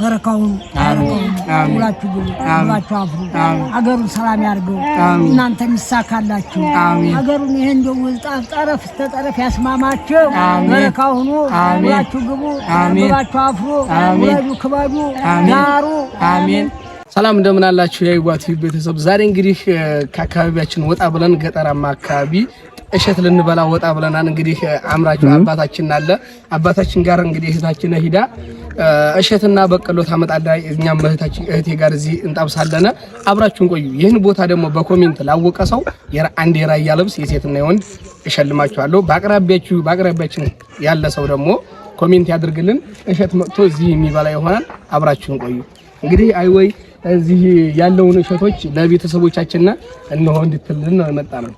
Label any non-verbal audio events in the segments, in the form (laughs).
በረካውን ሁላችሁ ግቡ፣ ሁላችሁ አፍሩ። አገሩን ሰላም ያድርገው። እናንተ የሚሳካላችሁ አገሩን ይሄ እንደ ጠረፍ እስከ ጠረፍ ያስማማቸው። በረካ ሁኑ። ሁላችሁ ግቡ፣ ሁላችሁ አፍሩ፣ ውለዱ፣ ክበዱ፣ ዳሩ። አሜን። ሰላም እንደምን አላችሁ? የአይጓት ቤተሰብ ዛሬ እንግዲህ ከአካባቢያችን ወጣ ብለን ገጠራማ አካባቢ እሸት ልንበላ ወጣ ብለናል። እንግዲህ አምራች አባታችን አለ። አባታችን ጋር እንግዲህ እህታችን ሂዳ እሸትና በቀሎ ታመጣለ። እኛም እህቴ ጋር እዚህ እንጠብሳለን። አብራችሁን ቆዩ። ይህን ቦታ ደግሞ በኮሜንት ላወቀ ሰው አንድ የራያ ልብስ የሴትና የወንድ እሸልማችኋለሁ። በአቅራቢያችሁ በአቅራቢያችን ያለ ሰው ደግሞ ኮሜንት ያድርግልን። እሸት መጥቶ እዚህ የሚበላ ይሆናል። አብራችሁን ቆዩ። እንግዲህ አይወይ እዚህ ያለውን እሸቶች ለቤተሰቦቻችንና እነሆ እንድትልን ነው የመጣ ነው።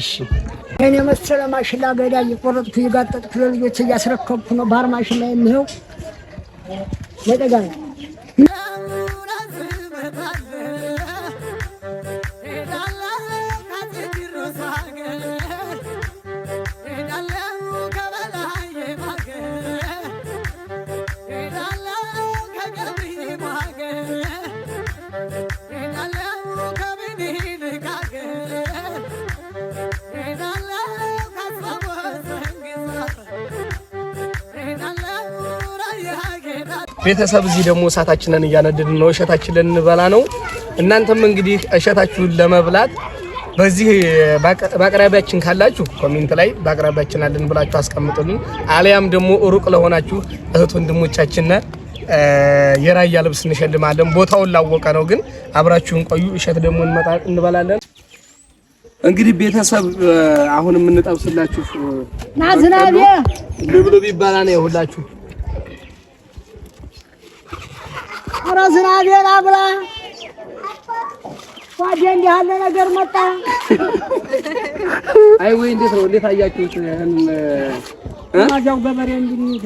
እሺ ከኔ መሰለ ማሽላ ገዳ እየቆረጥኩ እየጋጠጥኩ ለልጆች እያስረከብኩ ነው። ባህር ማሽላ የሚሄው ለጠጋ ነው። ቤተሰብ እዚህ ደግሞ እሳታችንን እያነድድን ነው። እሸታችንን ልንበላ ነው። እናንተም እንግዲህ እሸታችሁን ለመብላት በዚህ በአቅራቢያችን ካላችሁ ኮሜንት ላይ በአቅራቢያችን አለን ብላችሁ አስቀምጡልን። አሊያም ደግሞ ሩቅ ለሆናችሁ እህት ወንድሞቻችን የራያ ልብስ እንሸልማለን። ቦታውን ላወቀ ነው፣ ግን አብራችሁን ቆዩ። እሸት ደግሞ እንበላለን። እንግዲህ ቤተሰብ አሁን የምንጠብስላችሁ ናዝናቤ ልብልብ ይባላል። ሁላችሁ አረ ዝናቤን አብላ ዋዴ እንዲህ ያለ ነገር መጣ። አይ ወይ እንዴት ነው? እንዴት አያችሁት? ማዛው ገበሬ እንዲህ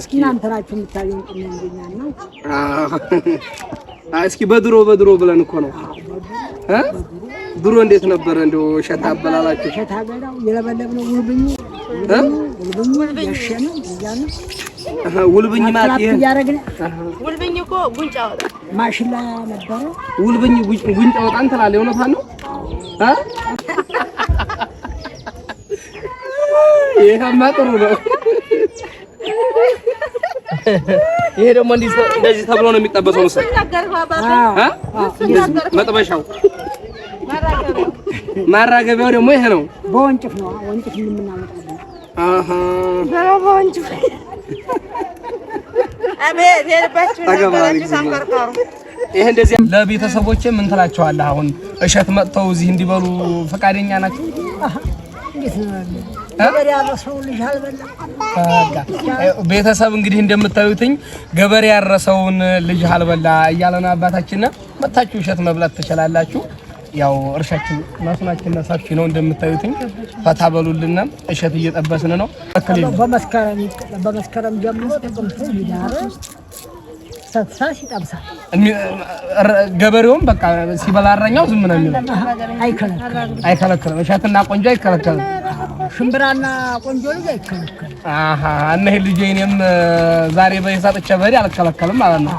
እስኪ እናንተ ናችሁ የምታዩን ቁም እንደኛና እስኪ በድሮ በድሮ ብለን እኮ ነው ድሮ እንዴት ነበረ? እንደው እሸት አበላላችሁ እሸት አገዳው የለበለብነው ውልብኙ ውልብኙ ያሸነው እያለ ውልብኝ ማለት ይሄ ውልብኝ እኮ ጉንጭ አወጣን ማሽላ ነበረ። ውልብኝ ጉንጭ ነው። ይሄማ ጥሩ ነው። ይሄ ደግሞ እንደዚህ ተብሎ ነው የሚጠበሰው መሰለኝ መጥበሻው ማራገቢያው ደግሞ ይሄ ነው። በወንጭፍ ነው። ወንጭፍ ለቤተሰቦች እንደዚህ ለቤተሰቦቼ ምን ትላቸዋለህ? አሁን እሸት መጥተው እዚህ እንዲበሉ ፈቃደኛ ናቸው? ቤተሰብ እንግዲህ እንደምታዩትኝ ገበሬ ያረሰውን ልጅ አልበላ እያለ ነው አባታችንና መታችሁ እሸት መብላት ትችላላችሁ። ያው እርሻችን መስናችን ሰፊ ነው እንደምታዩትኝ። ፈታ በሉልና እሸት እየጠበስን ነው። በመስከረም ጀምሮ ጥቅምት ዳር ሰሳሽ ይጠብሳል። ገበሬውም በቃ ሲበላ እረኛው ዝም ነው የሚለው፣ አይከለክልም። እሸትና ቆንጆ አይከለክልም። ሽምብራና ቆንጆ ልጅ አይከለክልም። አሀ እና ይሄ ልጅ እኔም ዛሬ በሂሳብ እቸበሪ አልከለከልም ማለት ነው።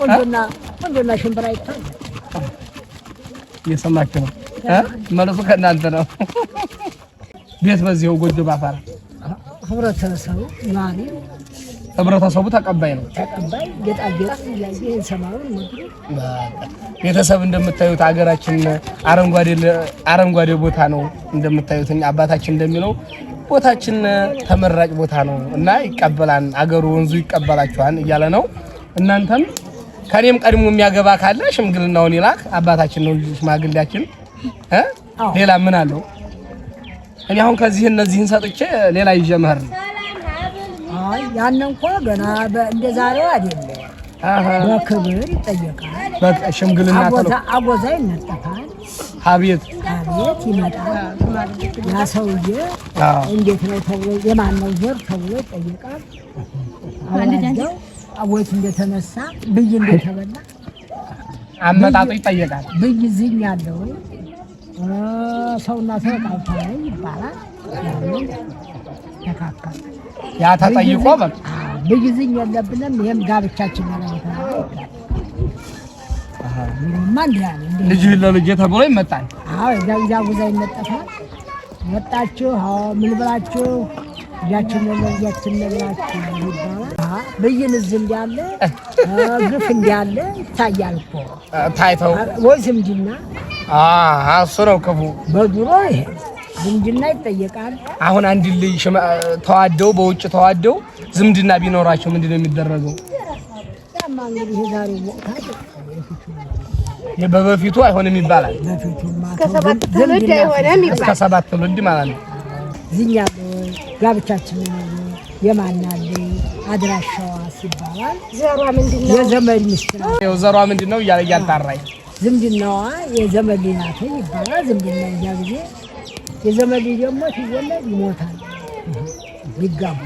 ቆንጆና ቆንጆና ሽምብራ ይታል እየሰማችሁ ነው። መልሱ ከእናንተ ነው። ቤት በዚሁ ጎጆ ባፈራ ህብረተሰቡ ማሪ ህብረተሰቡ ተቀባይ ነው። ቤተሰብ እንደምታዩት አገራችን አረንጓዴ ቦታ ነው። እንደምታዩት አባታችን እንደሚለው ቦታችን ተመራጭ ቦታ ነው እና ይቀበላን አገሩ ወንዙ ይቀበላቸዋል እያለ ነው እናንተም ከኔም ቀድሞ የሚያገባ ካለ ሽምግልናውን ይላክ። አባታችን ነው ልጁ ሽማግሌያችን። ሌላ ምን አለው? እኔ አሁን ከዚህ እነዚህን ሰጥቼ ሌላ ይዤ መሄድ ነው። አይ ያን እንኳ ገና እንደ ዛሬው አይደለም። በክብር ይጠየቃል። በቃ ሽምግልና ተለው አጎዛ ይነጠፋል። አቤት አቤት ይመጣል። ያ ሰውዬ እንዴት ነው ተብሎ የማን ነው ዘር ተብሎ ይጠየቃል። ወት እንደተነሳ ብይ እንደተበላ አመጣጡ ይጠየቃል። ብይ ዝኝ ያለው ሰውና ሰው ጣውታ ይባላል። ተካከል ያ ተጠይቆ ብይ ዝኝ የለብንም። ይህም ጋብቻችን ነው ልጅ ለልጅ ተብሎ ይመጣል። አዎ እዛ ጉዛ ይመጠፋል። መጣችሁ ምን ብላችሁ ልጃችን ለልጃችን ለብላችሁ ብይንዝ እንዳለ (laughs) ግፍ እንዳለ ይታያል እኮ ታይተው ወይ ዝምድና እሱ ነው ክፉ በድሮ ይሄ ዝምድና ይጠየቃል። አሁን አንድ ልጅ ተዋደው በውጭ ተዋደው ዝምድና ቢኖራቸው ምንድን ነው የሚደረገው? በበፊቱ አይሆንም ይባላል። እስከ ሰባት ትውልድ ማለት ነው። ዝኛ ጋብቻችን የማናለ አድራሻው ይባላል። የዘመድ ዘሯ ምንድን ነው እያለ እያጣራኝ ዝምድናዋ ናት ይባላል። ዝምድና ጊዜ ደግሞ ሲወለድ ይሞታል። ቢጋቡ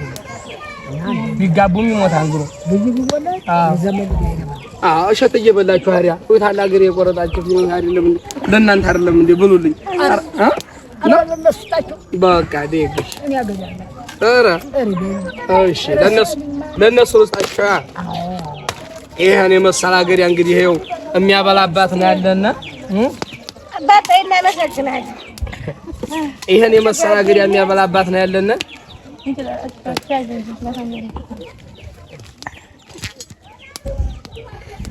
ቢጋቡም ይሞታል። ብሎ ብዙ ቢወለድ እሸት እየበላችሁ ሀሪያ የቆረጣችሁ አይደለም ለእናንተ አይደለም እንዴ ብሉልኝ። በቃ እሺ፣ ለእነሱ ለእነሱ ውስጣቸው ይሄን የመሰላ ገሪያ እንግዲህ ይሄው የሚያበላባት ነው ያለና አባቴ እና መሰግናለሁ። ይሄን የመሰላ የሚያበላባት ነው ያለና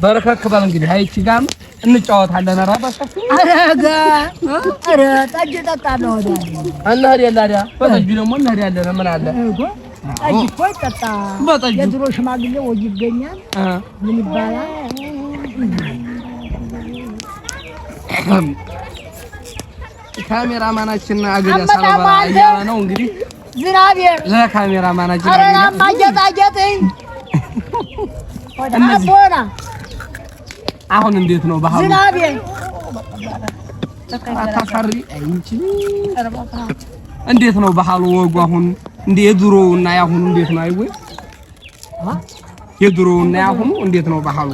በረከክ በል እንግዲህ አይቺ ጋም እንጫወታለን። ኧረ በሰፊው አረጋ ጠጅ እጠጣለሁ እና እንሄዳለን። በጠጁ ደግሞ እንሄዳለን። ምን አለ ጠጅ እኮ ይጠጣ። የድሮ ሽማግሌ ወግ ይገኛል። ምን ይባላል? ካሜራ ማናችን አገዳ ሰለባ እያለ ነው እንግዲህ ዝናብ ለካሜራ አረናማ ጌጣጌጥኝ አቦና አሁን እንዴት ነው ባህሉ? ዝናብ አታሳሪ እንዴት ነው ባህሉ ወጉ አሁን እንዴ የድሮው እና ያሁኑ እንዴት ነው? አይወይ የድሮው እና ያሁኑ እንዴት ነው ባህሉ?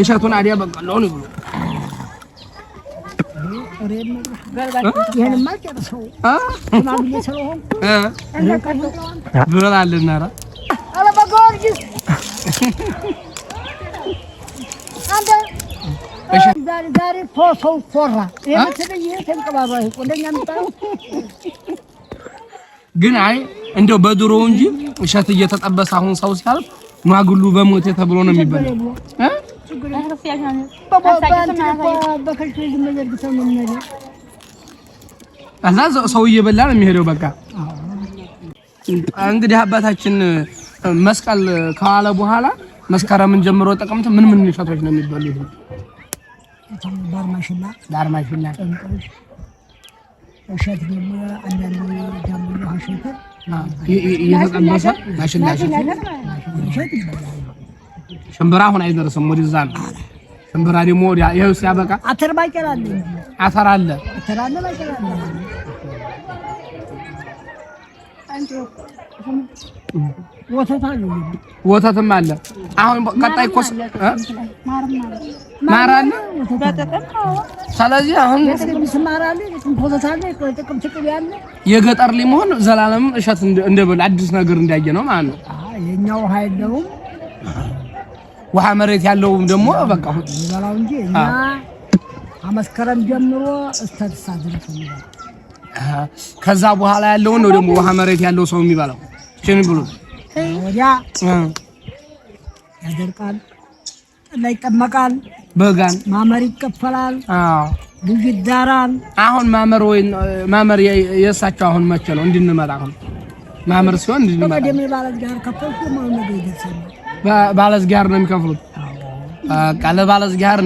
እሸቱን አዲያ በቀለው ነው ብሎ ዛሬ ፎሶ ኮራ ግን አይ እንደው በድሮ እንጂ እሸት እየተጠበሰ አሁን ሰው ሲያልፍ ማግሉ በሞቴ ተብሎ ነው የሚበላው። እዛ ሰው እየበላ ነው የሚሄደው። በቃ እንግዲህ አባታችን መስቀል ከዋለ በኋላ መስከረምን ጀምሮ ጥቅምት ምን ምን እሸቶች ነው የሚበሉት? ዳርማሽላ እሸት ደግሞ አንዳንድ ዳምሎ እሸት እየተቀመሰ ማሽላ እሸት ሽምብራ አሁን አይደርስም። ወደዛ ነው ሽምብራ ደግሞ ወዲያ ይኸው ሲያበቃ አተር ባቄላ አለ አተር አለ አተር ወተትም አለ። አሁን ቀጣይ እኮ ማር አለ። ስለዚህ አሁን የገጠር ሊሞን ዘላለም እሸት እንደበል አዲስ ነገር እንዳየ ነው ማለት ነው። የኛው ውሃ የለውም። ውሃ መሬት ያለውም ደግሞ በቃ ዘላው እንጂ ከመስከረም ጀምሮ እስተሳ ድረስ ከዛ በኋላ ያለውን ነው ደግሞ ውሃ መሬት ያለው ሰው የሚባለው ችን ብሎ ወዲያ ያደርቃል፣ ይጠመቃል፣ በጋን ማመር ይከፈላል፣ ልጅ ይዳራል። አሁን ማመር ወይ ማመር የእሳቸው አሁን መቼ ነው እንድንመጣ? አሁን ማመር ሲሆን ባለዝጋር ነው የሚከፍሉት።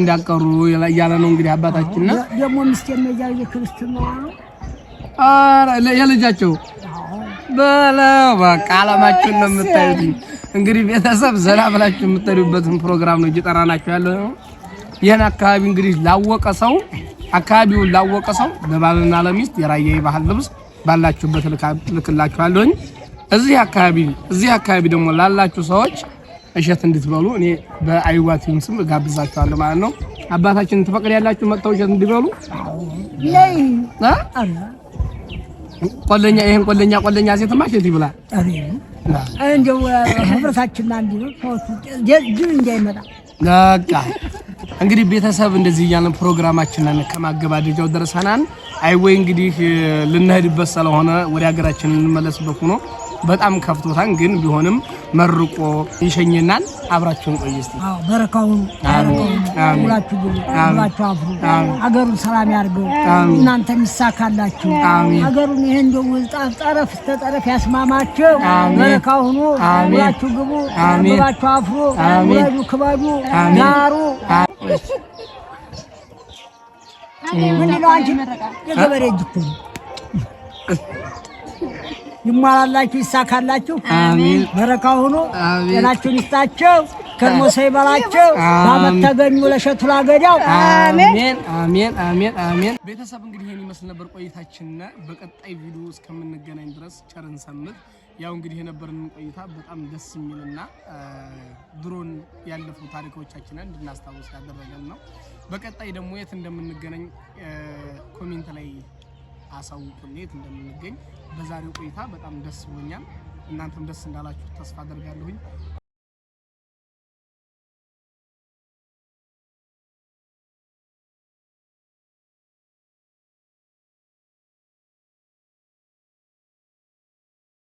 እንዳቀሩ እያለ ነው እንግዲህ አባታችን ደግሞ የልጃቸው በለው በቃ አላማችሁን ነው የምታዩት። እንግዲህ ቤተሰብ ዘና ብላችሁ የምታዩበትን ፕሮግራም ነው እየጠራናችሁ ያለ ነው። ይህን አካባቢ እንግዲህ ላወቀ ሰው አካባቢውን ላወቀ ሰው ለባልና ለሚስት የራያ የባህል ልብስ ባላችሁበት ልክላችኋለሁኝ። እዚህ አካባቢ እዚህ አካባቢ ደግሞ ላላችሁ ሰዎች እሸት እንድትበሉ እኔ በአይዋቲን ስም ጋብዛችኋለሁ ማለት ነው። አባታችን ትፈቅድ ያላችሁ መጥተው እሸት እንዲበሉ ቆለኛ ይሄን ቆለኛ ቆለኛ ሴት ይብላል። እንደው ህብረታችን በቃ እንግዲህ ቤተሰብ እንደዚህ እያልን ፕሮግራማችንን ከማገባደጃው ደርሰናል። አይ ወይ እንግዲህ ልንሄድበት ስለሆነ ወደ ሀገራችን እንመለስበት ሆኖ በጣም ከፍቶታን፣ ግን ቢሆንም መርቆ ይሸኝናል። አብራችሁን ቆይ በረካውን ሁላችሁ ግቡ፣ ሁላችሁ አፍሩ። አገሩን ሰላም ያርገው፣ እናንተ ይሳካላችሁ። አገሩን ይህን እንደው ጠረፍ ተጠረፍ ያስማማቸው። በረካ ሆኖ ሁላችሁ ግቡ፣ ሁላችሁ አፍሩ፣ ወዱ፣ ክበዱ፣ ናሩ። ምን ነው አንቺ መረቃ የገበሬ እጅት ይሟላላችሁ፣ ይሳካላችሁ። አሜን። በረካ ሆኖ ጤናችሁን ይስጣቸው፣ ከርሞ ሳይበላቸው በአመት ተገኙ ለሸቱ ላገዳው። አሜን፣ አሜን፣ አሜን፣ አሜን። ቤተሰብ እንግዲህ ይህን ይመስል ነበር ቆይታችንና በቀጣይ ቪዲዮ እስከምንገናኝ ድረስ ቸርን ሰምት። ያው እንግዲህ የነበረን ቆይታ በጣም ደስ የሚልና ድሮን ያለፉ ታሪኮቻችንን እንድናስታውስ ያደረገን ነው። በቀጣይ ደግሞ የት እንደምንገናኝ ኮሜንት ላይ አሳውቁን የት እንደምንገኝ። በዛሬው ቆይታ በጣም ደስ ብሎኛል። እናንተም ደስ እንዳላችሁ ተስፋ አደርጋለሁኝ።